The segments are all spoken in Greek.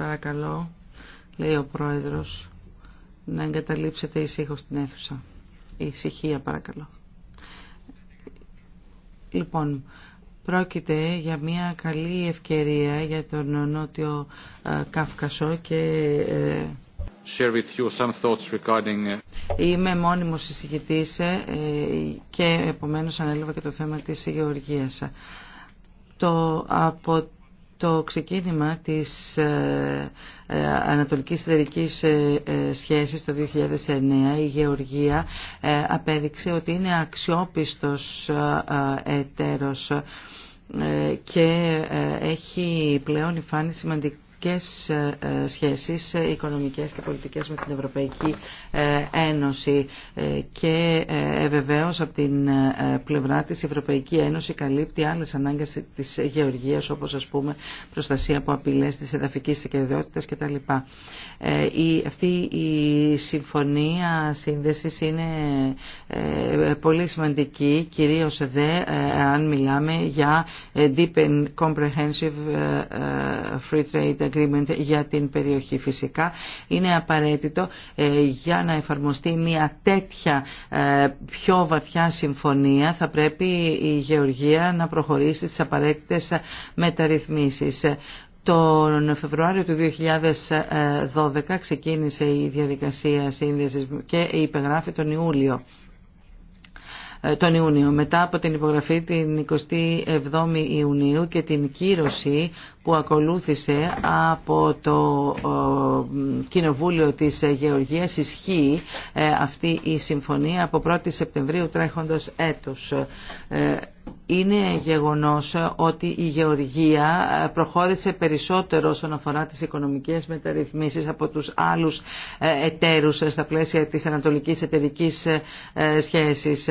παρακαλώ, λέει ο πρόεδρος, να εγκαταλείψετε ήσυχο την αίθουσα. Η ησυχία παρακαλώ. Λοιπόν, πρόκειται για μια καλή ευκαιρία για τον Νότιο ε, Κάφκασο και... Ε, Share with you some thoughts regarding... Ε, είμαι μόνιμος εισηγητής και επομένως ανέλαβα και το θέμα της γεωργίας. Το από το ξεκίνημα της ε, ε, ανατολικής εταιρική ε, σχέσης το 2009 η Γεωργία απέδειξε ότι είναι αξιόπιστος εταίρος και έχει πλέον υφάνει σημαντικό και ε, ε, σχέσεις ε, οικονομικές και πολιτικές με την Ευρωπαϊκή Ένωση και βεβαίως από την πλευρά της η Ευρωπαϊκή Ένωση καλύπτει άλλες ανάγκες της γεωργίας όπως ας πούμε προστασία από απειλές της εδαφικής δικαιοδότητας κτλ. Η, αυτή η συμφωνία σύνδεση είναι πολύ σημαντική κυρίως δε αν μιλάμε για deep and comprehensive free trade για την περιοχή. Φυσικά είναι απαραίτητο ε, για να εφαρμοστεί μια τέτοια ε, πιο βαθιά συμφωνία θα πρέπει η Γεωργία να προχωρήσει στις απαραίτητες μεταρρυθμίσεις. Τον Φεβρουάριο του 2012 ξεκίνησε η διαδικασία σύνδεσης και υπεγράφει τον Ιούλιο ε, τον Ιούνιο. Μετά από την υπογραφή την 27η Ιουνίου και την κύρωση που ακολούθησε από το ε, Κοινοβούλιο της Γεωργίας ισχύει ε, αυτή η συμφωνία από 1η Σεπτεμβρίου τρέχοντος έτους. Ε, είναι γεγονός ότι η Γεωργία προχώρησε περισσότερο όσον αφορά τις οικονομικές μεταρρυθμίσεις από τους άλλους εταίρους στα πλαίσια της ανατολικής εταιρικής σχέσης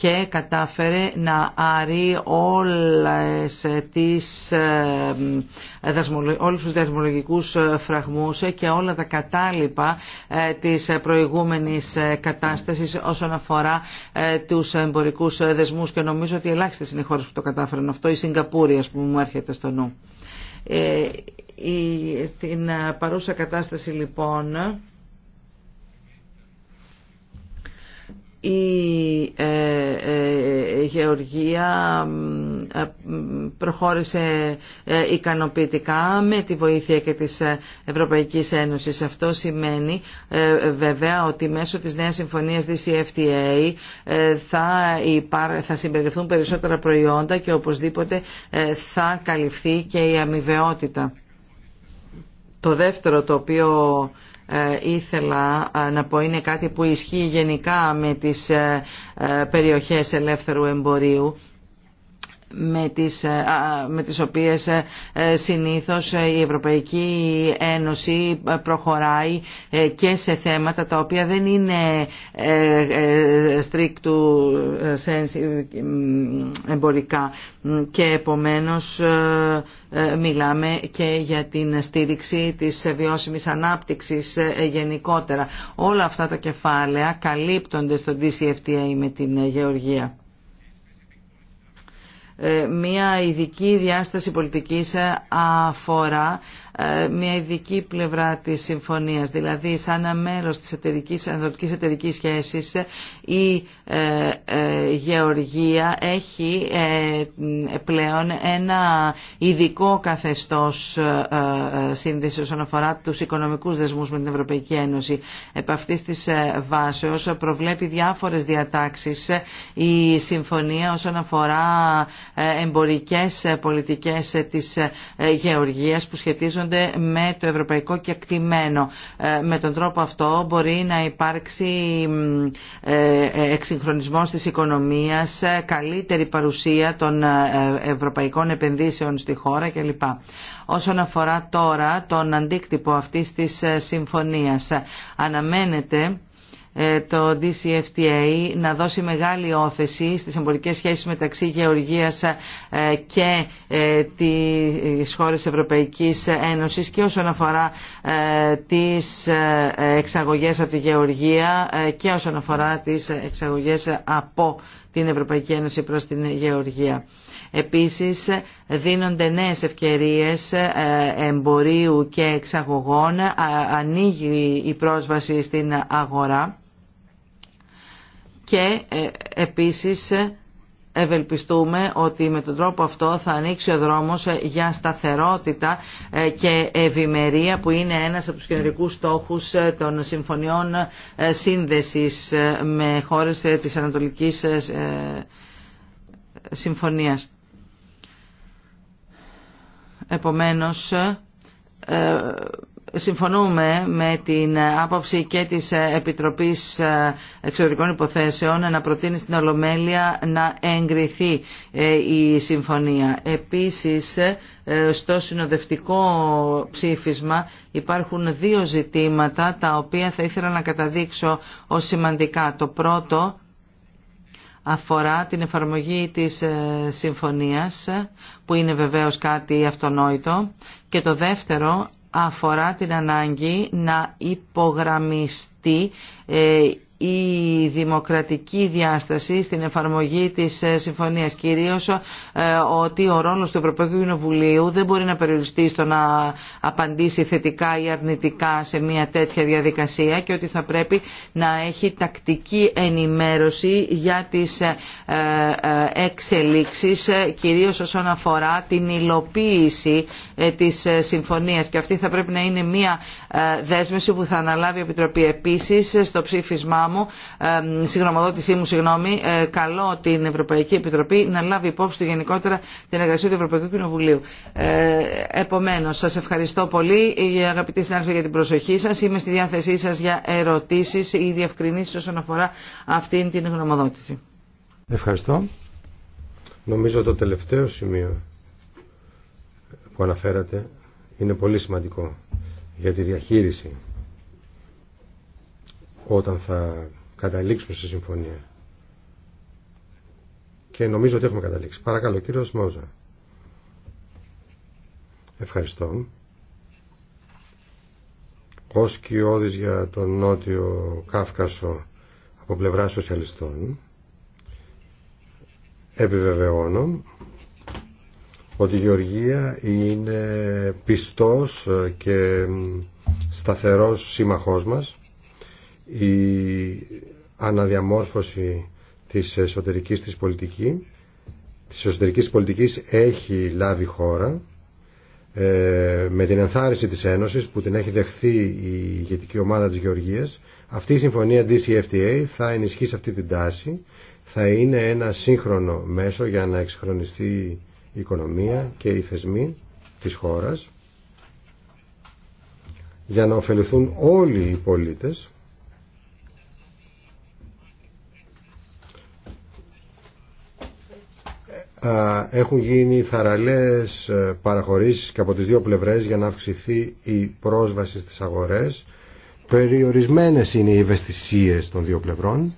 και κατάφερε να άρει όλες τις ε, όλους τους δασμολογικούς ε, φραγμούς και όλα τα κατάλοιπα ε, της προηγούμενης κατάστασης όσον αφορά τους εμπορικούς δεσμούς και νομίζω ότι ελάχιστε είναι οι χώρες που το κατάφεραν αυτό, η Σιγκαπούρη ας πούμε μου έρχεται στο νου. Στην παρούσα κατάσταση λοιπόν Ε, ε, η Γεωργία ε, προχώρησε ικανοποιητικά με τη βοήθεια και της Ευρωπαϊκής Ένωσης. Αυτό σημαίνει βέβαια ότι μέσω της νέας συμφωνίας DCFTA θα, θα συμπεριληφθούν περισσότερα προϊόντα και οπωσδήποτε θα καλυφθεί και η αμοιβαιότητα. Το δεύτερο το οποίο ε, ήθελα ε, να πω είναι κάτι που ισχύει γενικά με τις ε, περιοχές ελεύθερου εμπορίου με τις, ε, με τις οποίες ε, συνήθως η Ευρωπαϊκή Ένωση προχωράει ε, και σε θέματα τα οποία δεν είναι στρίκτου εμπορικά και επομένως μιλάμε και για την στήριξη της βιώσιμης ανάπτυξης γενικότερα. Όλα αυτά τα κεφάλαια καλύπτονται στο DCFTA με την Γεωργία. Ε, μια ειδική διάσταση πολιτικής ε, αφορά ε, μια ειδική πλευρά της συμφωνίας, δηλαδή σαν ένα μέρος της εταιρικής, ανατολικής εταιρικής σχέσης ε, η ε, Γεωργία έχει πλέον ένα ειδικό καθεστώς σύνδεση όσον αφορά τους οικονομικούς δεσμούς με την Ευρωπαϊκή Ένωση. Επ' αυτής της όσο προβλέπει διάφορες διατάξεις η συμφωνία όσον αφορά εμπορικές πολιτικές της Γεωργίας που σχετίζονται σχετίζονται με το ευρωπαϊκό κεκτημένο. Ε, με τον τρόπο αυτό μπορεί να υπάρξει ε, ε, εξυγχρονισμός της οικονομίας, καλύτερη παρουσία των ευρωπαϊκών επενδύσεων στη χώρα κλπ. Όσον αφορά τώρα τον αντίκτυπο αυτής της συμφωνίας, αναμένεται ε, το DCFTA να δώσει μεγάλη όθεση στις εμπορικές σχέσεις μεταξύ Γεωργίας ε, και ε, τις χώρες Ευρωπαϊκής Ένωσης και όσον αφορά τις εξαγωγές από τη Γεωργία και όσον αφορά τις εξαγωγές από την Ευρωπαϊκή Ένωση προς την Γεωργία. Επίσης δίνονται νέες ευκαιρίες εμπορίου και εξαγωγών, ανοίγει η πρόσβαση στην αγορά και ε, επίσης ευελπιστούμε ότι με τον τρόπο αυτό θα ανοίξει ο δρόμος ε, για σταθερότητα ε, και ευημερία που είναι ένας από τους κεντρικούς στόχους των συμφωνιών σύνδεσης με χώρες της Ανατολικής Συμφωνίας. Επομένως, συμφωνούμε με την άποψη και της Επιτροπής Εξωτερικών Υποθέσεων να προτείνει στην Ολομέλεια να εγκριθεί ε, η συμφωνία. Επίσης, ε, στο συνοδευτικό ψήφισμα υπάρχουν δύο ζητήματα τα οποία θα ήθελα να καταδείξω ως σημαντικά. Το πρώτο αφορά την εφαρμογή της ε, συμφωνίας που είναι βεβαίως κάτι αυτονόητο και το δεύτερο αφορά την ανάγκη να υπογραμμιστεί ε, η δημοκρατική διάσταση στην εφαρμογή της ε, συμφωνίας κυρίως ε, ότι ο ρόλος του Ευρωπαϊκού Κοινοβουλίου δεν μπορεί να περιοριστεί στο να απαντήσει θετικά ή αρνητικά σε μια τέτοια διαδικασία και ότι θα πρέπει να έχει τακτική ενημέρωση για τις ε, εξελίξεις κυρίως όσον αφορά την υλοποίηση της συμφωνίας και αυτή θα πρέπει να είναι μια δέσμευση που θα αναλάβει η Επιτροπή επίσης στο ψήφισμα μου, συγγνωμοδότησή μου, συγγνώμη, ε, καλώ την Ευρωπαϊκή Επιτροπή να λάβει υπόψη του γενικότερα την εργασία του Ευρωπαϊκού Κοινοβουλίου. Ε, Επομένω, σα ευχαριστώ πολύ, αγαπητοί συνάδελφοι, για την προσοχή σα. Είμαι στη διάθεσή σα για ερωτήσει ή διευκρινήσει όσον αφορά αυτήν την γνωμοδότηση. Ευχαριστώ. Νομίζω το τελευταίο σημείο που αναφέρατε είναι πολύ σημαντικό για τη διαχείριση όταν θα καταλήξουμε στη συμφωνία. Και νομίζω ότι έχουμε καταλήξει. Παρακαλώ, κύριος Μόζα. Ευχαριστώ. Ως κοιόδης για τον Νότιο Κάφκασο από πλευρά σοσιαλιστών, επιβεβαιώνω ότι η Γεωργία είναι πιστός και σταθερός σύμμαχός μας η αναδιαμόρφωση της εσωτερικής της πολιτικής της εσωτερικής πολιτικής έχει λάβει χώρα ε, με την ενθάρρυνση της Ένωσης που την έχει δεχθεί η ηγετική ομάδα της Γεωργίας αυτή η συμφωνία DCFTA θα ενισχύσει αυτή την τάση θα είναι ένα σύγχρονο μέσο για να εξυγχρονιστεί η οικονομία και οι θεσμοί της χώρας για να ωφεληθούν όλοι οι πολίτες έχουν γίνει θαραλές ε, παραχωρήσεις και από τις δύο πλευρές για να αυξηθεί η πρόσβαση στις αγορές. Περιορισμένες είναι οι ευαισθησίες των δύο πλευρών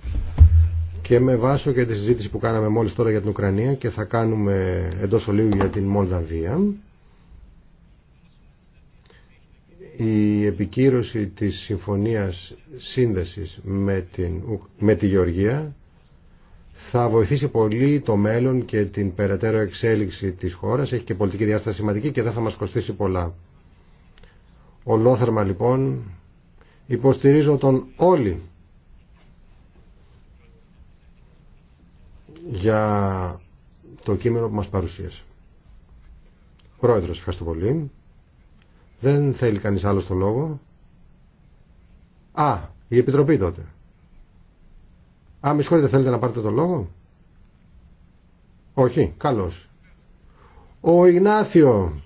και με βάσο και τη συζήτηση που κάναμε μόλις τώρα για την Ουκρανία και θα κάνουμε εντός ολίγου για την Μολδαβία η επικύρωση της συμφωνίας σύνδεσης με, την, με τη Γεωργία θα βοηθήσει πολύ το μέλλον και την περαιτέρω εξέλιξη της χώρας. Έχει και πολιτική διάσταση σημαντική και δεν θα μας κοστίσει πολλά. Ολόθερμα λοιπόν υποστηρίζω τον όλοι για το κείμενο που μας παρουσίασε. Πρόεδρος, ευχαριστώ πολύ. Δεν θέλει κανείς άλλο το λόγο. Α, η Επιτροπή τότε. Α, με συγχωρείτε, θέλετε να πάρετε τον λόγο. Όχι, καλώς. Ο Ιγνάθιο.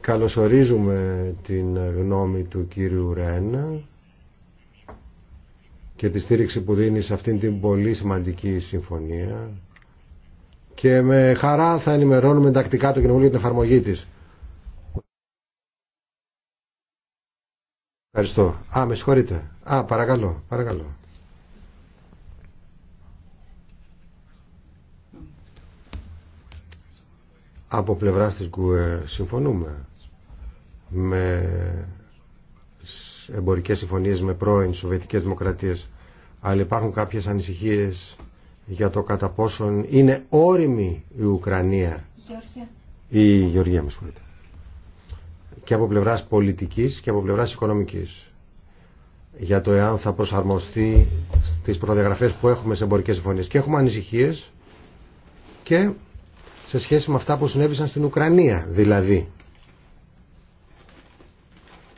Καλωσορίζουμε την γνώμη του κύριου Ρένα και τη στήριξη που δίνει σε αυτήν την πολύ σημαντική συμφωνία και με χαρά θα ενημερώνουμε τακτικά το Κοινοβούλιο για την εφαρμογή της. Ευχαριστώ. Α, με συγχωρείτε. Α, παρακαλώ, παρακαλώ. Από πλευρά της ΚΟΕ συμφωνούμε με εμπορικές συμφωνίες με πρώην Σοβιετικές Δημοκρατίες αλλά υπάρχουν κάποιες ανησυχίες για το κατά πόσον είναι όριμη η Ουκρανία Γεωργία. η Γεωργία με συγχωρείτε και από πλευρά πολιτικής και από πλευρά οικονομικής για το εάν θα προσαρμοστεί στι προδιαγραφέ που έχουμε σε εμπορικές συμφωνίες. Και έχουμε ανησυχίε και σε σχέση με αυτά που συνέβησαν στην Ουκρανία. Δηλαδή,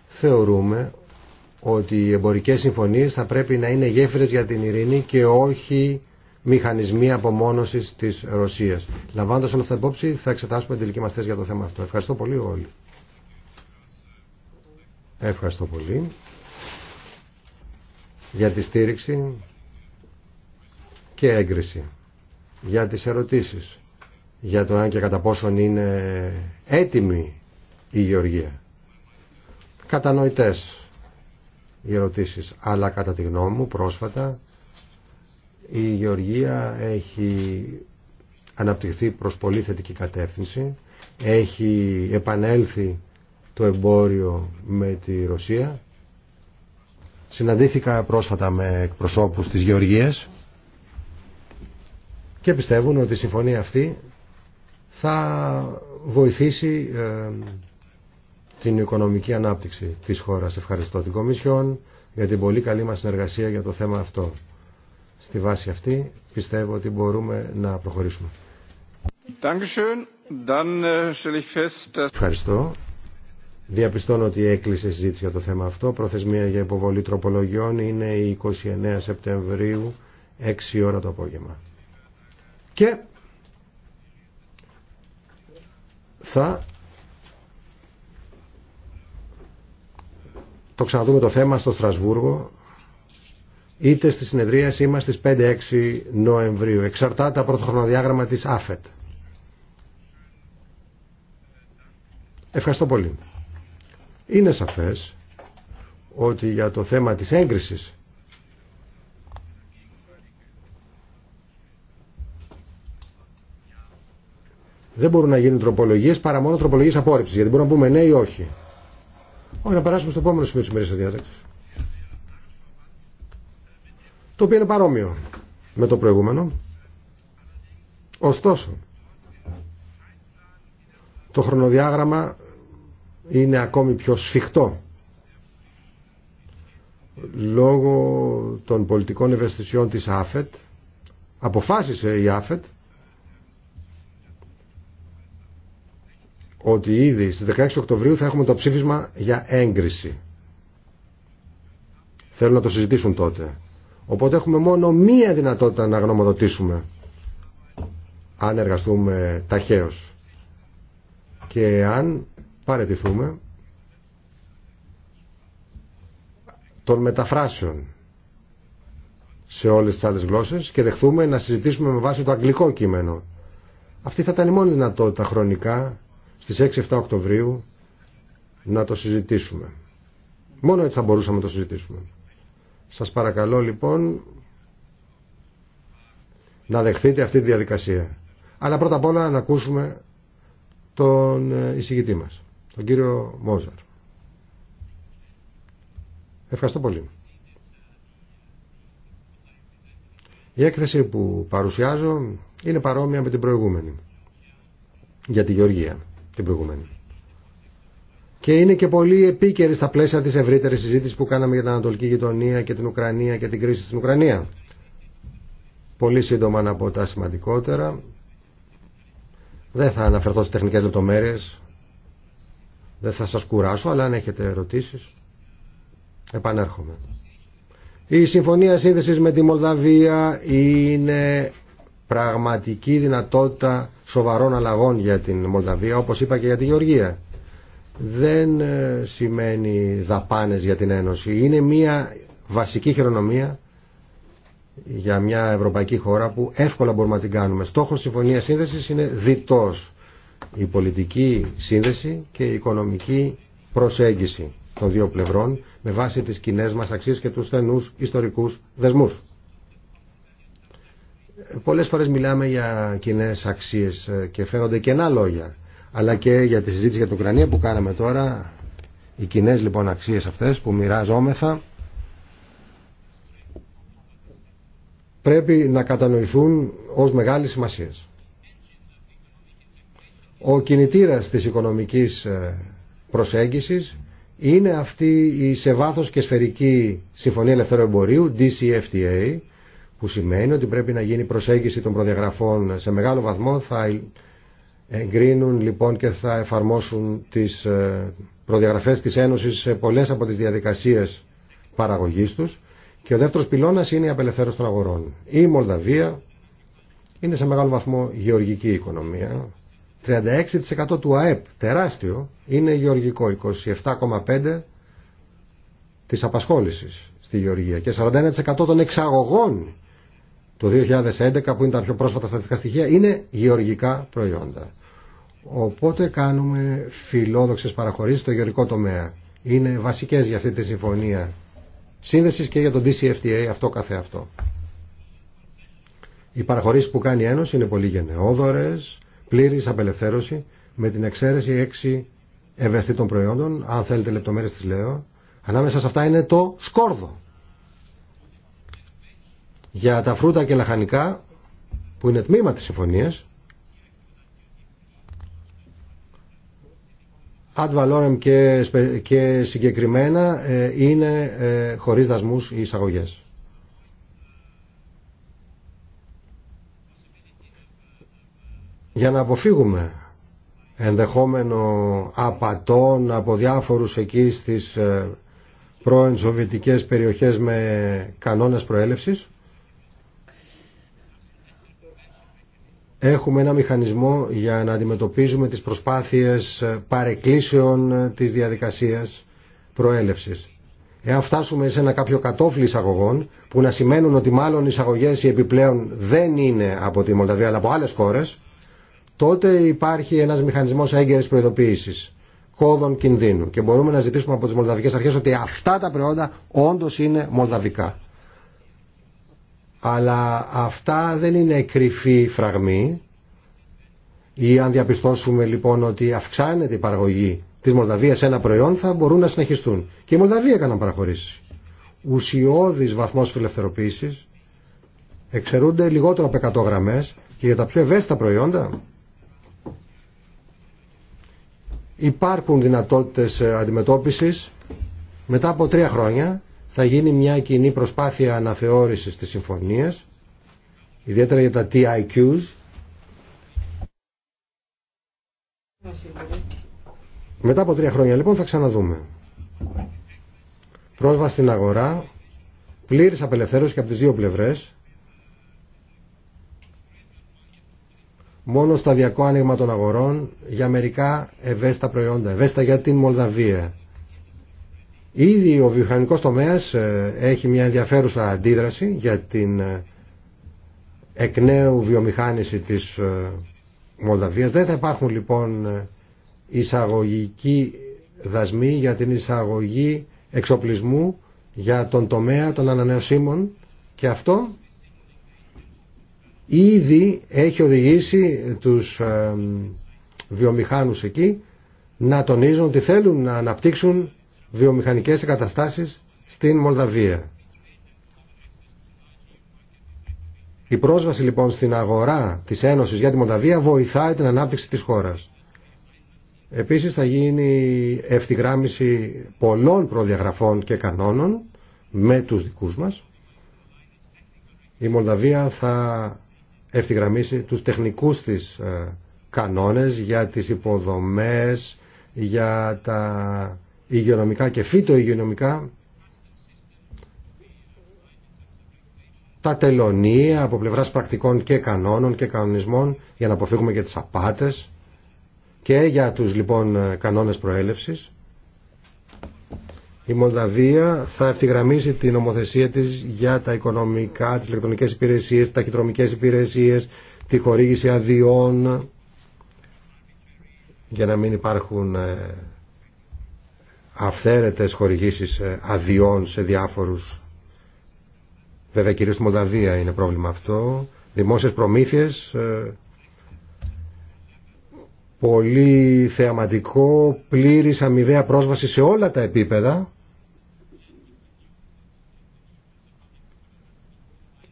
θεωρούμε ότι οι εμπορικές συμφωνίες θα πρέπει να είναι γέφυρες για την ειρήνη και όχι μηχανισμοί απομόνωσης της Ρωσίας. Λαμβάνοντας όλα αυτά υπόψη, θα εξετάσουμε την τελική μας θέση για το θέμα αυτό. Ευχαριστώ πολύ όλοι. Ευχαριστώ πολύ για τη στήριξη και έγκριση, για τις ερωτήσεις, για το αν και κατά πόσον είναι έτοιμη η Γεωργία. Κατανοητές οι ερωτήσεις, αλλά κατά τη γνώμη μου πρόσφατα η Γεωργία έχει αναπτυχθεί προς πολύ θετική κατεύθυνση, έχει επανέλθει το εμπόριο με τη Ρωσία. Συναντήθηκα πρόσφατα με εκπροσώπους της Γεωργίας και πιστεύουν ότι η συμφωνία αυτή θα βοηθήσει ε, την οικονομική ανάπτυξη της χώρας. Ευχαριστώ την Κομισιόν για την πολύ καλή μας συνεργασία για το θέμα αυτό. Στη βάση αυτή πιστεύω ότι μπορούμε να προχωρήσουμε. Äh, Ευχαριστώ. Διαπιστώνω ότι έκλεισε συζήτηση για το θέμα αυτό. Προθεσμία για υποβολή τροπολογιών είναι η 29 Σεπτεμβρίου, 6 ώρα το απόγευμα. Και θα το ξαναδούμε το θέμα στο Στρασβούργο είτε στη συνεδρία μα στις 5-6 Νοεμβρίου. Εξαρτάται από το χρονοδιάγραμμα της ΑΦΕΤ. Ευχαριστώ πολύ. Είναι σαφές ότι για το θέμα της έγκρισης δεν μπορούν να γίνουν τροπολογίες παρά μόνο τροπολογίες απόρριψης γιατί μπορούμε να πούμε ναι ή όχι. Όχι, να περάσουμε στο επόμενο σημείο της ημερής διάταξης. Το οποίο είναι παρόμοιο με το προηγούμενο. Ωστόσο, το χρονοδιάγραμμα είναι ακόμη πιο σφιχτό λόγω των πολιτικών ευαισθησιών της ΑΦΕΤ αποφάσισε η ΑΦΕΤ ότι ήδη στις 16 Οκτωβρίου θα έχουμε το ψήφισμα για έγκριση. Θέλουν να το συζητήσουν τότε. Οπότε έχουμε μόνο μία δυνατότητα να γνωμοδοτήσουμε αν εργαστούμε ταχαίως και αν παρετηθούμε των μεταφράσεων σε όλες τις άλλες γλώσσες και δεχθούμε να συζητήσουμε με βάση το αγγλικό κείμενο. Αυτή θα ήταν η μόνη δυνατότητα χρονικά στις 6-7 Οκτωβρίου να το συζητήσουμε. Μόνο έτσι θα μπορούσαμε να το συζητήσουμε. Σας παρακαλώ λοιπόν να δεχθείτε αυτή τη διαδικασία. Αλλά πρώτα απ' όλα να ακούσουμε τον ε, εισηγητή μας τον κύριο Μόζαρ. Ευχαριστώ πολύ. Η έκθεση που παρουσιάζω είναι παρόμοια με την προηγούμενη. Για τη Γεωργία, την προηγούμενη. Και είναι και πολύ επίκαιρη στα πλαίσια της ευρύτερης συζήτησης που κάναμε για την Ανατολική Γειτονία και την Ουκρανία και την κρίση στην Ουκρανία. Πολύ σύντομα να πω τα σημαντικότερα. Δεν θα αναφερθώ στις τεχνικές λεπτομέρειες. Δεν θα σας κουράσω, αλλά αν έχετε ερωτήσεις, επανέρχομαι. Η συμφωνία σύνδεσης με τη Μολδαβία είναι πραγματική δυνατότητα σοβαρών αλλαγών για την Μολδαβία, όπως είπα και για τη Γεωργία. Δεν ε, σημαίνει δαπάνες για την Ένωση. Είναι μια βασική χειρονομία για μια ευρωπαϊκή χώρα που εύκολα μπορούμε να την κάνουμε. Στόχος συμφωνίας σύνδεσης είναι διτός η πολιτική σύνδεση και η οικονομική προσέγγιση των δύο πλευρών με βάση τις κοινέ μας αξίες και τους στενούς ιστορικούς δεσμούς. Πολλές φορές μιλάμε για κοινέ αξίες ε, και φαίνονται κενά λόγια, αλλά και για τη συζήτηση για την Ουκρανία που κάναμε τώρα, οι κοινέ λοιπόν αξίες αυτές που μοιράζομεθα, πρέπει να κατανοηθούν ως μεγάλη σημασίας. Ο κινητήρας της οικονομικής ε, προσέγγισης είναι αυτή η σε βάθος και σφαιρική Συμφωνία Ελευθερού Εμπορίου, DCFTA, που σημαίνει ότι πρέπει να γίνει προσέγγιση των προδιαγραφών σε μεγάλο βαθμό, θα εγκρίνουν λοιπόν και θα εφαρμόσουν τις ε, προδιαγραφές της Ένωσης σε πολλές από τις διαδικασίες παραγωγής τους και ο δεύτερος πυλώνας είναι η απελευθέρωση των αγορών. Η Μολδαβία είναι σε μεγάλο βαθμό γεωργική οικονομία, 36% του ΑΕΠ, τεράστιο, είναι γεωργικό, 27,5% της απασχόλησης στη γεωργία και 41% των εξαγωγών το 2011 που είναι τα πιο πρόσφατα στατιστικά στοιχεία είναι γεωργικά προϊόντα. Οπότε κάνουμε φιλόδοξες παραχωρήσεις στο γεωργικό τομέα. Είναι βασικές για αυτή τη συμφωνία σύνδεσης και για τον DCFTA αυτό καθεαυτό. Οι παραχωρήσεις που κάνει η Ένωση είναι πολύ γενναιόδορες, πλήρη απελευθέρωση με την εξαίρεση έξι ευαισθητών προϊόντων, αν θέλετε λεπτομέρειε τι λέω. Ανάμεσα σε αυτά είναι το σκόρδο. Για τα φρούτα και λαχανικά, που είναι τμήμα τη συμφωνία. ad valorem και, συγκεκριμένα ε, είναι ε, χωρίς δασμούς οι εισαγωγές. για να αποφύγουμε ενδεχόμενο απατών από διάφορους εκεί στις ε, πρώην σοβιετικές περιοχές με κανόνες προέλευσης. Έχουμε ένα μηχανισμό για να αντιμετωπίζουμε τις προσπάθειες ε, παρεκκλήσεων ε, της διαδικασίας προέλευσης. Εάν φτάσουμε σε ένα κάποιο κατόφλι εισαγωγών, που να σημαίνουν ότι μάλλον οι εισαγωγές οι επιπλέον δεν είναι από τη Μολδαβία αλλά από άλλες χώρες, τότε υπάρχει ένας μηχανισμός έγκαιρης προειδοποίησης κόδων κινδύνου και μπορούμε να ζητήσουμε από τις μολδαβικές αρχές ότι αυτά τα προϊόντα όντως είναι μολδαβικά. Αλλά αυτά δεν είναι κρυφή φραγμή ή αν διαπιστώσουμε λοιπόν ότι αυξάνεται η παραγωγή της Μολδαβίας σε ένα προϊόν θα μπορούν να συνεχιστούν. Και η Μολδαβία έκαναν παραχωρήσει. Ουσιώδης βαθμός φιλευθεροποίησης εξαιρούνται λιγότερο από 100 γραμμές και για τα πιο ευαίσθητα προϊόντα Υπάρχουν δυνατότητες ε, αντιμετώπισης. Μετά από τρία χρόνια θα γίνει μια κοινή προσπάθεια αναθεώρησης της συμφωνίας, ιδιαίτερα για τα TIQs. Μετά από τρία χρόνια λοιπόν θα ξαναδούμε. Πρόσβαση στην αγορά, πλήρης απελευθέρωση και από τις δύο πλευρές, μόνο σταδιακό άνοιγμα των αγορών για μερικά ευαίσθητα προϊόντα, ευαίσθητα για την Μολδαβία. Ήδη ο βιομηχανικός τομέας ε, έχει μια ενδιαφέρουσα αντίδραση για την ε, εκ νέου βιομηχάνηση της ε, Μολδαβίας. Δεν θα υπάρχουν λοιπόν εισαγωγικοί δασμοί για την εισαγωγή εξοπλισμού για τον τομέα των ανανεωσίμων και αυτό ήδη έχει οδηγήσει τους ε, βιομηχάνους εκεί να τονίζουν ότι θέλουν να αναπτύξουν βιομηχανικές εγκαταστάσεις στην Μολδαβία. Η πρόσβαση λοιπόν στην αγορά της Ένωσης για τη Μολδαβία βοηθάει την ανάπτυξη της χώρας. Επίσης θα γίνει ευθυγράμμιση πολλών προδιαγραφών και κανόνων με τους δικούς μας. Η Μολδαβία θα ευθυγραμμίσει τους τεχνικούς της ε, κανόνες για τις υποδομές, για τα υγειονομικά και φυτο τα τελωνία από πλευράς πρακτικών και κανόνων και κανονισμών για να αποφύγουμε και τις απάτες και για τους λοιπόν ε, κανόνες προέλευσης η Μολδαβία θα ευθυγραμμίσει την νομοθεσία της για τα οικονομικά, τις ηλεκτρονικές υπηρεσίες, τα ταχυδρομικές υπηρεσίες, τη χορήγηση αδειών, για να μην υπάρχουν ε, αυθαίρετες χορηγήσεις ε, αδειών σε διάφορους. Βέβαια κυρίως στη Μολδαβία είναι πρόβλημα αυτό. Δημόσιες προμήθειες, ε, πολύ θεαματικό, πλήρης αμοιβαία πρόσβαση σε όλα τα επίπεδα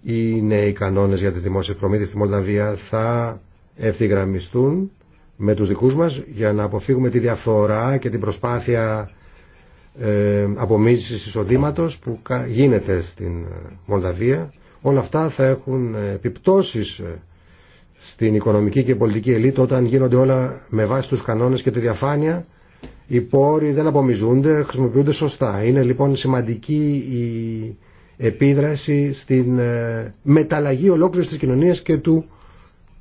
οι νέοι κανόνες για τις δημόσιες προμήθεια, στη Μολδαβία θα ευθυγραμμιστούν με τους δικούς μας για να αποφύγουμε τη διαφθορά και την προσπάθεια ε, εισοδήματο που γίνεται στην ε, Μολδαβία. Όλα αυτά θα έχουν ε, επιπτώσει ε, στην οικονομική και πολιτική ελίτ όταν γίνονται όλα με βάση τους κανόνε και τη διαφάνεια οι πόροι δεν απομιζούνται, χρησιμοποιούνται σωστά. Είναι λοιπόν σημαντική η επίδραση στην ε, μεταλλαγή ολόκληρης της κοινωνίας και του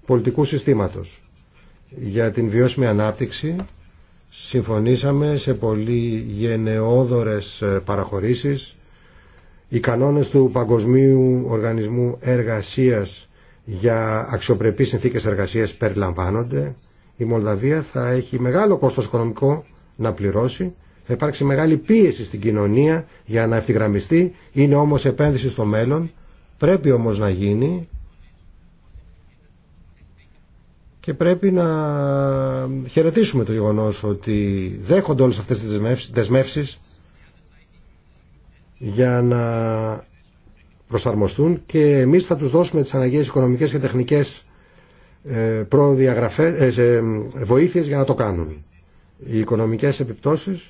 πολιτικού συστήματος. Για την βιώσιμη ανάπτυξη συμφωνήσαμε σε πολύ γενναιόδορες ε, παραχωρήσεις. Οι κανόνες του Παγκοσμίου Οργανισμού Εργασίας για αξιοπρεπείς συνθήκες εργασίας περιλαμβάνονται. Η Μολδαβία θα έχει μεγάλο κόστος οικονομικό να πληρώσει θα υπάρξει μεγάλη πίεση στην κοινωνία για να ευθυγραμμιστεί. Είναι όμως επένδυση στο μέλλον. Πρέπει όμως να γίνει και πρέπει να χαιρετήσουμε το γεγονός ότι δέχονται όλες αυτές τις δεσμεύσεις για να προσαρμοστούν και εμείς θα τους δώσουμε τις αναγκαίες οικονομικές και τεχνικές ε, προδιαγραφές, ε, ε, βοήθειες για να το κάνουν. Οι οικονομικές επιπτώσεις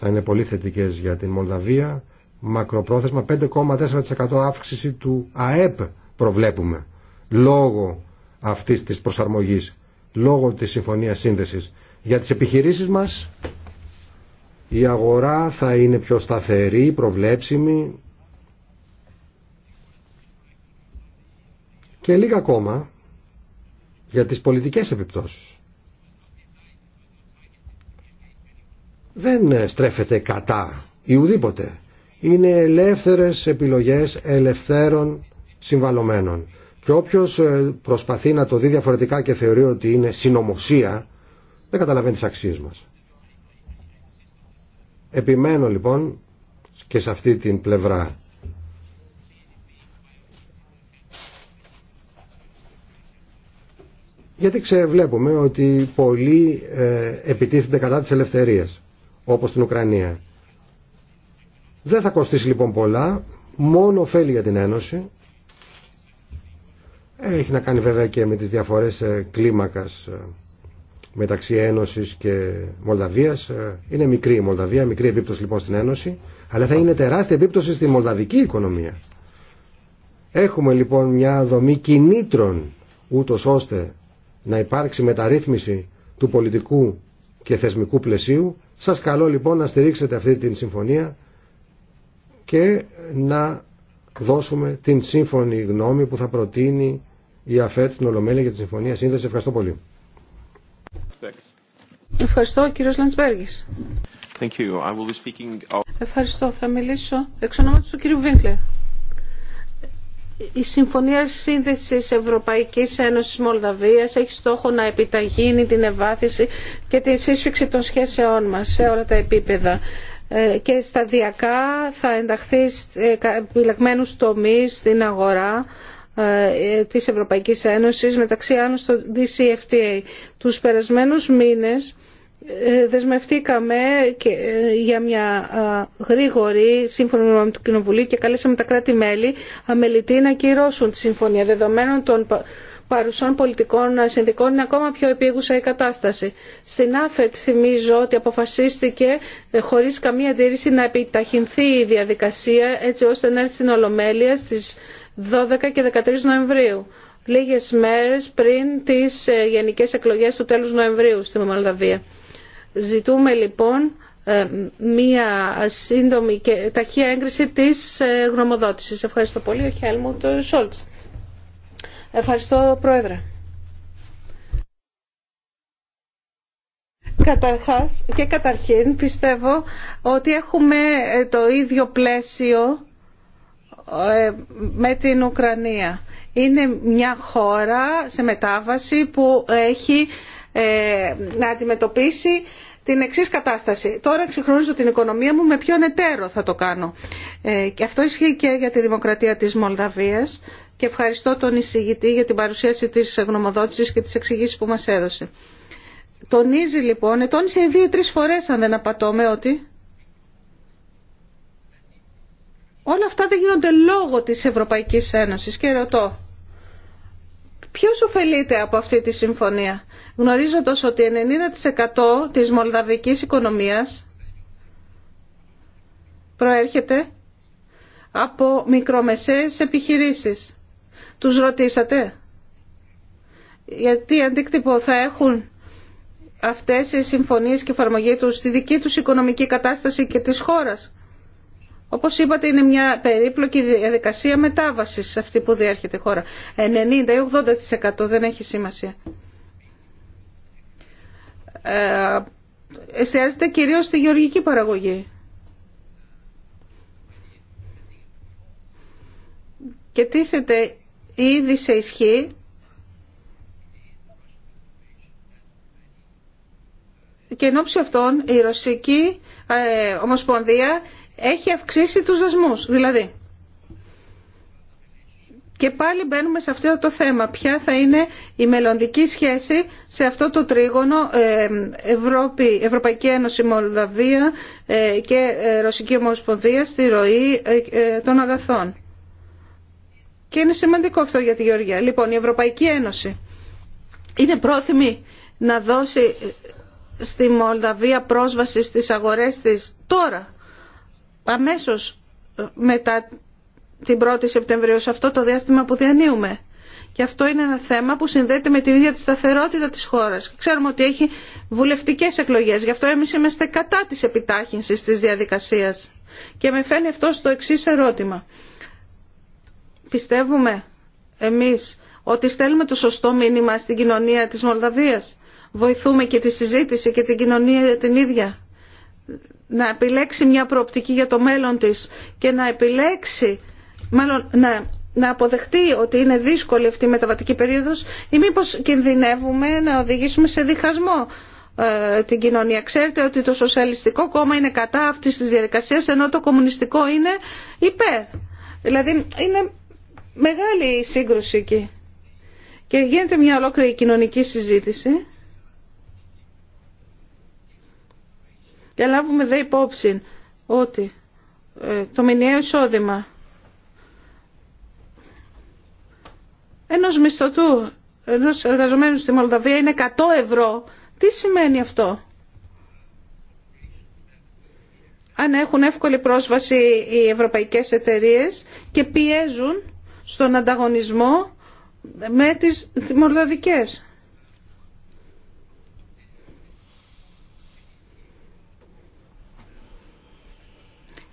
θα είναι πολύ θετικέ για την Μολδαβία. Μακροπρόθεσμα 5,4% αύξηση του ΑΕΠ προβλέπουμε λόγω αυτής της προσαρμογή, λόγω της συμφωνίας σύνδεση. Για τις επιχειρήσεις μα η αγορά θα είναι πιο σταθερή, προβλέψιμη και λίγα ακόμα για τις πολιτικές επιπτώσεις. δεν ε, στρέφεται κατά ή ουδήποτε. Είναι ελεύθερες επιλογές ελευθέρων συμβαλωμένων. Και όποιος ε, προσπαθεί να το δει διαφορετικά και θεωρεί ότι είναι συνωμοσία, δεν καταλαβαίνει τις αξίες μας. Επιμένω λοιπόν και σε αυτή την πλευρά. Γιατί ξεβλέπουμε ότι πολλοί ε, επιτίθενται κατά της ελευθερίας όπως στην Ουκρανία. Δεν θα κοστίσει λοιπόν πολλά, μόνο ωφέλει για την Ένωση. Έχει να κάνει βέβαια και με τις διαφορές ε, κλίμακας ε, μεταξύ Ένωσης και Μολδαβίας. Ε, είναι μικρή η Μολδαβία, μικρή επίπτωση λοιπόν στην Ένωση, αλλά θα είναι τεράστια επίπτωση στη μολδαβική οικονομία. Έχουμε λοιπόν μια δομή κινήτρων ούτως ώστε να υπάρξει μεταρρύθμιση του πολιτικού και θεσμικού πλαισίου σας καλώ λοιπόν να στηρίξετε αυτή την συμφωνία και να δώσουμε την σύμφωνη γνώμη που θα προτείνει η ΑΦΕΤ στην Ολομέλεια για τη Συμφωνία Σύνδεση. Ευχαριστώ πολύ. Ευχαριστώ κύριος Λαντσμπέργης. Ευχαριστώ. Θα μιλήσω εξ ονόματος του κύριου Βίνκλερ. Η Συμφωνία Σύνδεσης Ευρωπαϊκής Ένωσης Μολδαβίας έχει στόχο να επιταγίνει την ευάθυνση και τη σύσφυξη των σχέσεών μας σε όλα τα επίπεδα ε, και σταδιακά θα ενταχθεί σε επιλεγμένους τομείς στην αγορά ε, ε, της Ευρωπαϊκής Ένωσης μεταξύ άλλων στο DCFTA. Τους περασμένους μήνες ε, δεσμευτήκαμε και ε, για μια γρήγορη σύμφωνα με το Κοινοβουλίο και καλέσαμε τα κράτη-μέλη αμελητή να κυρώσουν τη συμφωνία. Δεδομένων των παρουσών πολιτικών συνδικών είναι ακόμα πιο επίγουσα η κατάσταση. Στην ΑΦΕΤ θυμίζω ότι αποφασίστηκε ε, χωρίς καμία αντίρρηση να επιταχυνθεί η διαδικασία έτσι ώστε να έρθει στην Ολομέλεια στις 12 και 13 Νοεμβρίου λίγες μέρες πριν τις γενικές εκλογές του τέλους Νοεμβρίου στη Μολδαβία. Ζητούμε λοιπόν ε, μία σύντομη και ταχεία έγκριση της ε, γνωμοδότησης. Ευχαριστώ πολύ, ο Χέλμουτ Σόλτς. Ευχαριστώ, Πρόεδρε. Καταρχάς και καταρχήν πιστεύω ότι έχουμε ε, το ίδιο πλαίσιο με την Ουκρανία. Είναι μια χώρα σε μετάβαση που έχει να αντιμετωπίσει την εξή κατάσταση. Τώρα ξεχρονίζω την οικονομία μου, με ποιον εταίρο θα το κάνω. Ε, και αυτό ισχύει και για τη δημοκρατία της Μολδαβίας και ευχαριστώ τον εισηγητή για την παρουσίαση της γνωμοδότησης και της εξηγήσει που μας έδωσε. Τονίζει λοιπόν, ετώνησε δύο-τρεις φορές αν δεν απατώμε ότι όλα αυτά δεν γίνονται λόγω της Ευρωπαϊκής Ένωσης και ρωτώ ποιος ωφελείται από αυτή τη συμφωνία. Γνωρίζοντας ότι 90% της μολδαβικής οικονομίας προέρχεται από μικρομεσαίες επιχειρήσεις. Τους ρωτήσατε γιατί αντίκτυπο θα έχουν αυτές οι συμφωνίες και εφαρμογή τους στη δική τους οικονομική κατάσταση και της χώρας. Όπως είπατε είναι μια περίπλοκη διαδικασία μετάβασης αυτή που διέρχεται η χώρα. 90 ή 80% δεν έχει σημασία. Ε, εστιάζεται κυρίως στη γεωργική παραγωγή. Και τίθεται ήδη σε ισχύ και εν αυτών η Ρωσική ε, Ομοσπονδία έχει αυξήσει τους δασμούς. Δηλαδή, και πάλι μπαίνουμε σε αυτό το θέμα. Ποια θα είναι η μελλοντική σχέση σε αυτό το τρίγωνο ε, Ευρώπη, Ευρωπαϊκή Ένωση Μολδαβία ε, και ε, Ρωσική Ομοσπονδία στη ροή των αγαθών. Και είναι σημαντικό αυτό για τη Γεωργία. Λοιπόν, η Ευρωπαϊκή Ένωση είναι πρόθυμη να δώσει στη Μολδαβία πρόσβαση στις αγορές της τώρα αμέσως ε, μετά την 1η Σεπτεμβρίου σε αυτό το διάστημα που διανύουμε. Και αυτό είναι ένα θέμα που συνδέεται με την ίδια τη σταθερότητα της χώρας. Ξέρουμε ότι έχει βουλευτικές εκλογές, γι' αυτό εμείς είμαστε κατά της επιτάχυνσης της διαδικασίας. Και με φαίνει αυτό στο εξή ερώτημα. Πιστεύουμε εμείς ότι στέλνουμε το σωστό μήνυμα στην κοινωνία της Μολδαβίας. Βοηθούμε και τη συζήτηση και την κοινωνία την ίδια να επιλέξει μια προοπτική για το μέλλον της και να επιλέξει, μάλλον να, να αποδεχτεί ότι είναι δύσκολη αυτή η μεταβατική περίοδος ή μήπως κινδυνεύουμε να οδηγήσουμε σε διχασμό ε, την κοινωνία. Ξέρετε ότι το Σοσιαλιστικό Κόμμα είναι κατά αυτής της διαδικασίας ενώ το Κομμουνιστικό είναι υπέρ. Δηλαδή είναι μεγάλη η σύγκρουση εκεί. Και γίνεται μια ολόκληρη κοινωνική συζήτηση Και λάβουμε δε υπόψη ότι ε, το μηνιαίο εισόδημα ενός μισθωτού, ενός εργαζομένου στη Μολδαβία είναι 100 ευρώ. Τι σημαίνει αυτό. Αν έχουν εύκολη πρόσβαση οι ευρωπαϊκές εταιρείες και πιέζουν στον ανταγωνισμό με τις μολδαδικές.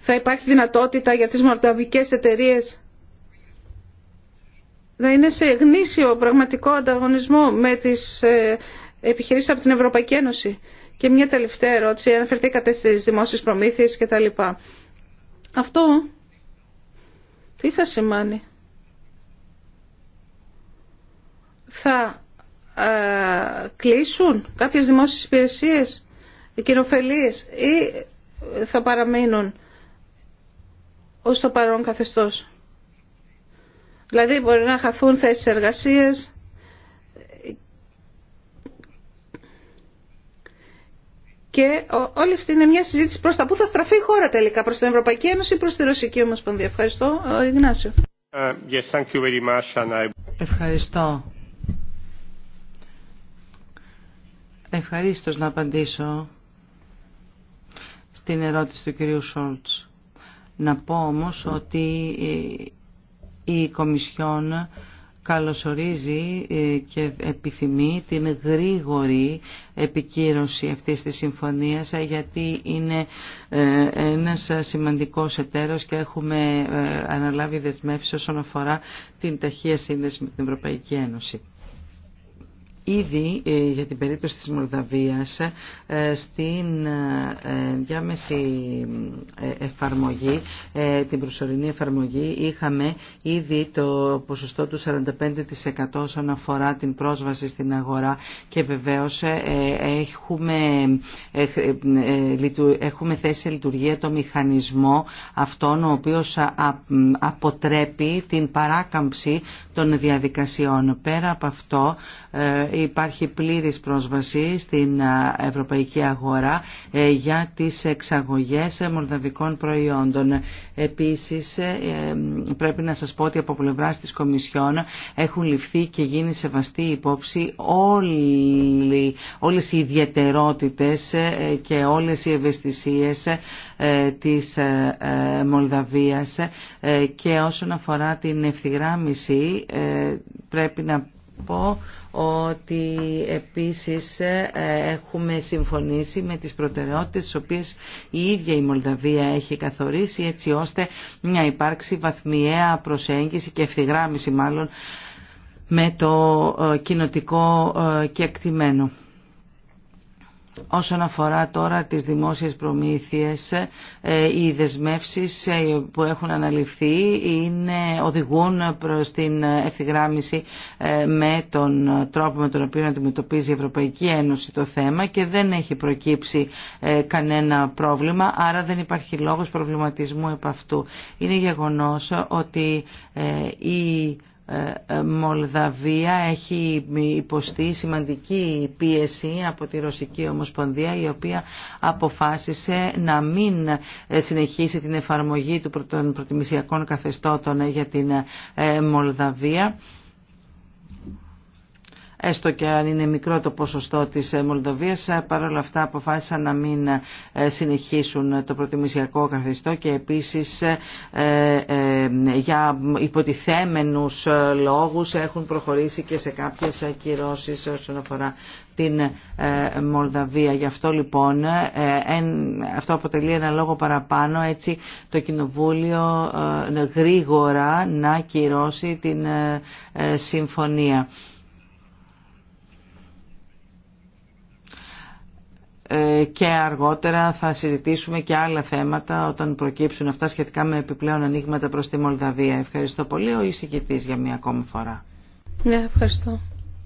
θα υπάρχει δυνατότητα για τις μορταβικές εταιρείε να είναι σε γνήσιο πραγματικό ανταγωνισμό με τις ε, επιχειρήσεις από την Ευρωπαϊκή Ένωση. Και μια τελευταία ερώτηση, αναφερθήκατε στις δημόσιες προμήθειες κτλ. Αυτό τι θα σημάνει. Θα ε, κλείσουν κάποιες δημόσιες υπηρεσίες, κοινοφελίες ή θα παραμείνουν ως το παρόν καθεστώς. Δηλαδή μπορεί να χαθούν θέσεις εργασίες και όλη αυτή είναι μια συζήτηση προς τα που θα στραφεί η χώρα τελικά, προς την Ευρωπαϊκή Ένωση ή προς τη Ρωσική Ομοσπονδία. Ευχαριστώ, Ιγνάσιο. Uh, yes, thank you very much, Ευχαριστώ. Ευχαρίστως να απαντήσω στην ερώτηση του κυρίου Σόλτς. Να πω όμως ότι ε, η Κομισιόν καλωσορίζει ε, και επιθυμεί την γρήγορη επικύρωση αυτής της συμφωνίας ε, γιατί είναι ένας σημαντικός εταίρος και έχουμε αναλάβει δεσμεύσεις όσον αφορά την ταχεία σύνδεση με την Ευρωπαϊκή Ένωση. Ήδη ε, για την περίπτωση της Μολδαβίας ε, στην ε, διάμεση εφαρμογή, την προσωρινή εφαρμογή είχαμε ήδη το ποσοστό του 45% όσον αφορά την πρόσβαση στην αγορά και βεβαίως έχουμε, έχουμε θέσει λειτουργία το μηχανισμό αυτόν ο οποίος αποτρέπει την παράκαμψη των διαδικασιών. Πέρα από αυτό υπάρχει πλήρης πρόσβαση στην ευρωπαϊκή αγορά ε, για τις εξαγωγές μολδαβικών προϊόντων. Επίσης ε, πρέπει να σας πω ότι από πλευρά της Κομισιόν έχουν ληφθεί και γίνει σεβαστή υπόψη όλοι, όλες οι ιδιαιτερότητες ε, και όλες οι ευαισθησίες της Μολδαβίας και όσον αφορά την ευθυγράμμιση πρέπει να πω ότι επίσης ε, έχουμε συμφωνήσει με τις προτεραιότητες τις οποίες η ίδια η Μολδαβία έχει καθορίσει έτσι ώστε να υπάρξει βαθμιαία προσέγγιση και ευθυγράμμιση μάλλον με το ε, κοινοτικό ε, κεκτημένο. Όσον αφορά τώρα τις δημόσιες προμήθειες, ε, οι δεσμεύσεις ε, που έχουν αναλυφθεί είναι, οδηγούν προς την ευθυγράμμιση ε, με τον τρόπο με τον οποίο αντιμετωπίζει η Ευρωπαϊκή Ένωση το θέμα και δεν έχει προκύψει κανένα πρόβλημα, άρα δεν υπάρχει λόγος προβληματισμού επ' αυτού. Είναι γεγονός ότι η ε, ε, Μολδαβία έχει υποστεί σημαντική πίεση από τη Ρωσική Ομοσπονδία η οποία αποφάσισε να μην ε, συνεχίσει την εφαρμογή των προτιμησιακών καθεστώτων για την Μολδαβία έστω και αν είναι μικρό το ποσοστό της ε, Μολδοβίας, ε, παρόλα αυτά αποφάσισαν να μην ε, συνεχίσουν το προτιμησιακό καθεστώ και επίσης για υποτιθέμενους λόγους έχουν προχωρήσει και σε κάποιες ακυρώσεις όσον αφορά την Μολδαβία. Γι' αυτό λοιπόν αυτό αποτελεί ένα λόγο παραπάνω έτσι το Κοινοβούλιο γρήγορα να κυρώσει την συμφωνία. και αργότερα θα συζητήσουμε και άλλα θέματα όταν προκύψουν αυτά σχετικά με επιπλέον ανοίγματα προς τη Μολδαβία. Ευχαριστώ πολύ. Ο εισηγητής για μία ακόμη φορά. Ναι, ευχαριστώ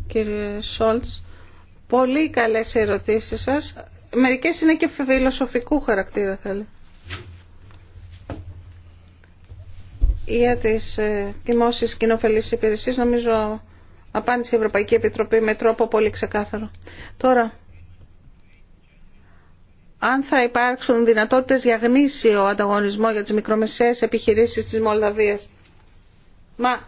κύριε Σόλτς. Πολύ καλές ερωτήσεις σας. Μερικές είναι και φιλοσοφικού χαρακτήρα θέλει. Για τις ε, δημόσιες κοινοφελείς υπηρεσίες νομίζω απάντησε η Ευρωπαϊκή Επιτροπή με τρόπο πολύ ξεκάθαρο. Τώρα, αν θα υπάρξουν δυνατότητες για γνήσιο ανταγωνισμό για τις μικρομεσαίες επιχειρήσεις της Μολδαβίας. Μα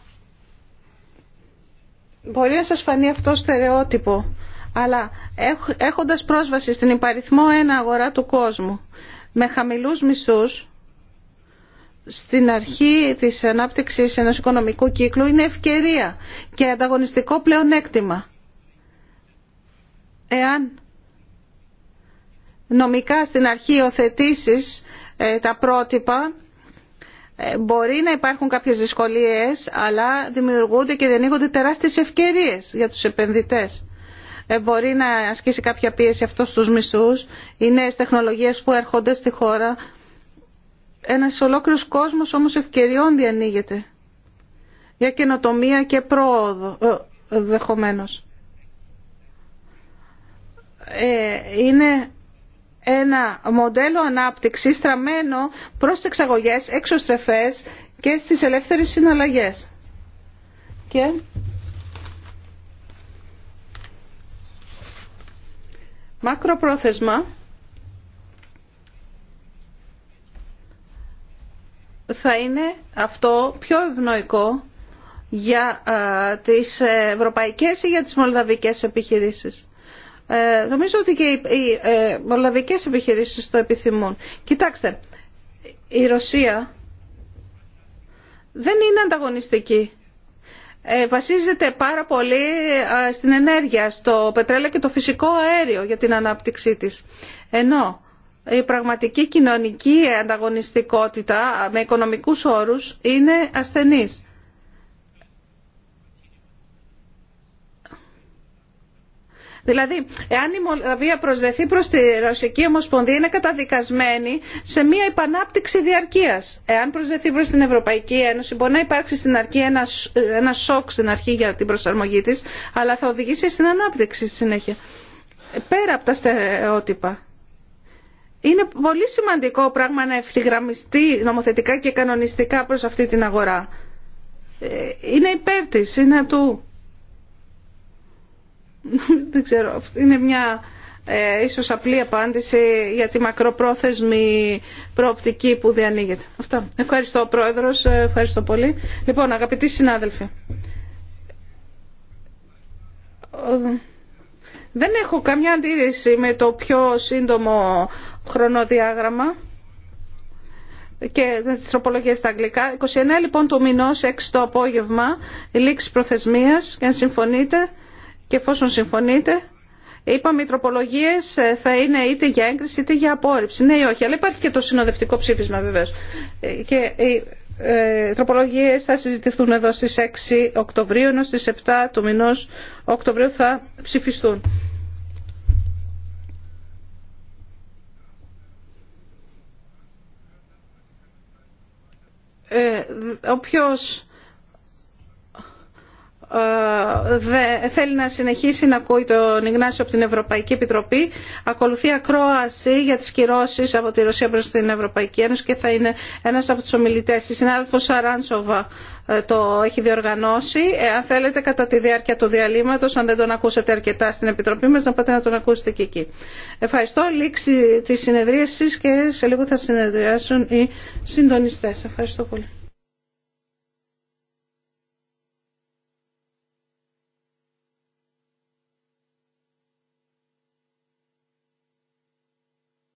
μπορεί να σας φανεί αυτό στερεότυπο, αλλά έχοντας πρόσβαση στην υπαριθμό ένα αγορά του κόσμου, με χαμηλούς μισθούς, στην αρχή της ανάπτυξης ενός οικονομικού κύκλου είναι ευκαιρία και ανταγωνιστικό πλεονέκτημα. Εάν νομικά στην αρχή υιοθετήσει ε, τα πρότυπα, ε, μπορεί να υπάρχουν κάποιες δυσκολίες, αλλά δημιουργούνται και διανοίγονται τεράστιες ευκαιρίες για τους επενδυτές. Ε, μπορεί να ασκήσει κάποια πίεση αυτό στους μισθούς, οι νέες τεχνολογίες που έρχονται στη χώρα. Ένας ολόκληρος κόσμος όμως ευκαιριών διανοίγεται για καινοτομία και πρόοδο ενδεχομένω. είναι ένα μοντέλο ανάπτυξης στραμμένο προς εξαγωγές, εξωστρεφές και στις ελεύθερες συναλλαγές. Και... Μακροπρόθεσμα θα είναι αυτό πιο ευνοϊκό για ε, τις ευρωπαϊκές ή για τις μολδαβικές επιχειρήσεις. Ε, νομίζω ότι και οι ε, μολαβικές επιχειρήσεις το επιθυμούν. Κοιτάξτε, η Ρωσία δεν είναι ανταγωνιστική. Ε, βασίζεται πάρα πολύ στην ενέργεια, στο πετρέλαιο και το φυσικό αέριο για την ανάπτυξή της. Ενώ η πραγματική κοινωνική ανταγωνιστικότητα με οικονομικούς όρους είναι ασθενής. Δηλαδή, εάν η Μολδαβία προσδεθεί προς τη Ρωσική Ομοσπονδία είναι καταδικασμένη σε μια επανάπτυξη διαρκείας. Εάν προσδεθεί προς την Ευρωπαϊκή Ένωση μπορεί να υπάρξει στην αρχή ένα, σοκ στην αρχή για την προσαρμογή της, αλλά θα οδηγήσει στην ανάπτυξη στη συνέχεια. Πέρα από τα στερεότυπα. Είναι πολύ σημαντικό πράγμα να ευθυγραμμιστεί νομοθετικά και κανονιστικά προς αυτή την αγορά. Ε, είναι υπέρ της, είναι του... Δεν ξέρω, είναι μια ε, ίσως απλή απάντηση για τη μακροπρόθεσμη προοπτική που διανοίγεται. Αυτά. Ευχαριστώ Πρόεδρος, ε, ευχαριστώ πολύ. Λοιπόν, αγαπητοί συνάδελφοι, δεν έχω καμιά αντίρρηση με το πιο σύντομο χρονοδιάγραμμα και τι τροπολογίε στα αγγλικά. 29 λοιπόν του μηνό 6 το απόγευμα, λήξη προθεσμίας, αν συμφωνείτε. Και εφόσον συμφωνείτε, είπαμε οι τροπολογίε ε, θα είναι είτε για έγκριση είτε για απόρριψη. Ναι ή όχι, αλλά υπάρχει και το συνοδευτικό ψήφισμα βεβαίω. Ε, και οι ε, τροπολογίε θα συζητηθούν εδώ στι 6 Οκτωβρίου, ενώ στι 7 του μηνό Οκτωβρίου θα ψηφιστούν. Ε, όποιος ε, θέλει να συνεχίσει να ακούει τον Ιγνάσιο από την Ευρωπαϊκή Επιτροπή. Ακολουθεί ακρόαση για τι κυρώσει από τη Ρωσία προ την Ευρωπαϊκή Ένωση και θα είναι ένα από του ομιλητέ. Η συνάδελφο Σαράντσοβα ε, το έχει διοργανώσει. Ε, αν θέλετε κατά τη διάρκεια του διαλύματο, αν δεν τον ακούσετε αρκετά στην Επιτροπή μα να πάτε να τον ακούσετε και εκεί. Ευχαριστώ. Λήξη τη συνεδρίαση και σε λίγο θα συνεδριάσουν οι συντονιστέ. Ευχαριστώ πολύ.